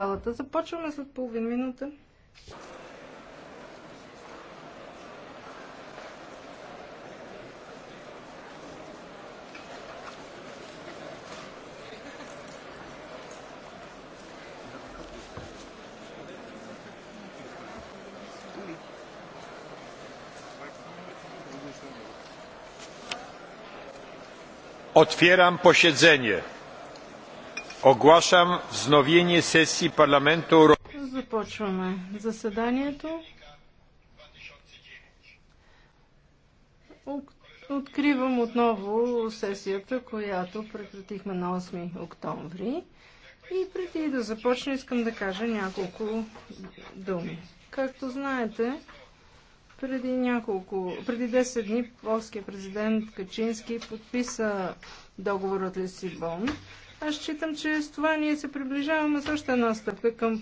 залата. Започваме след половин минута. Otwieram posiedzenie. Оглашам взновение сесии парламента. Започваме заседанието. Откривам отново сесията, която прекратихме на 8 октомври. И преди да започна, искам да кажа няколко думи. Както знаете, преди няколко, преди 10 дни полския президент Качински подписа договор от Лисибон. Аз считам, че с това ние се приближаваме също една стъпка към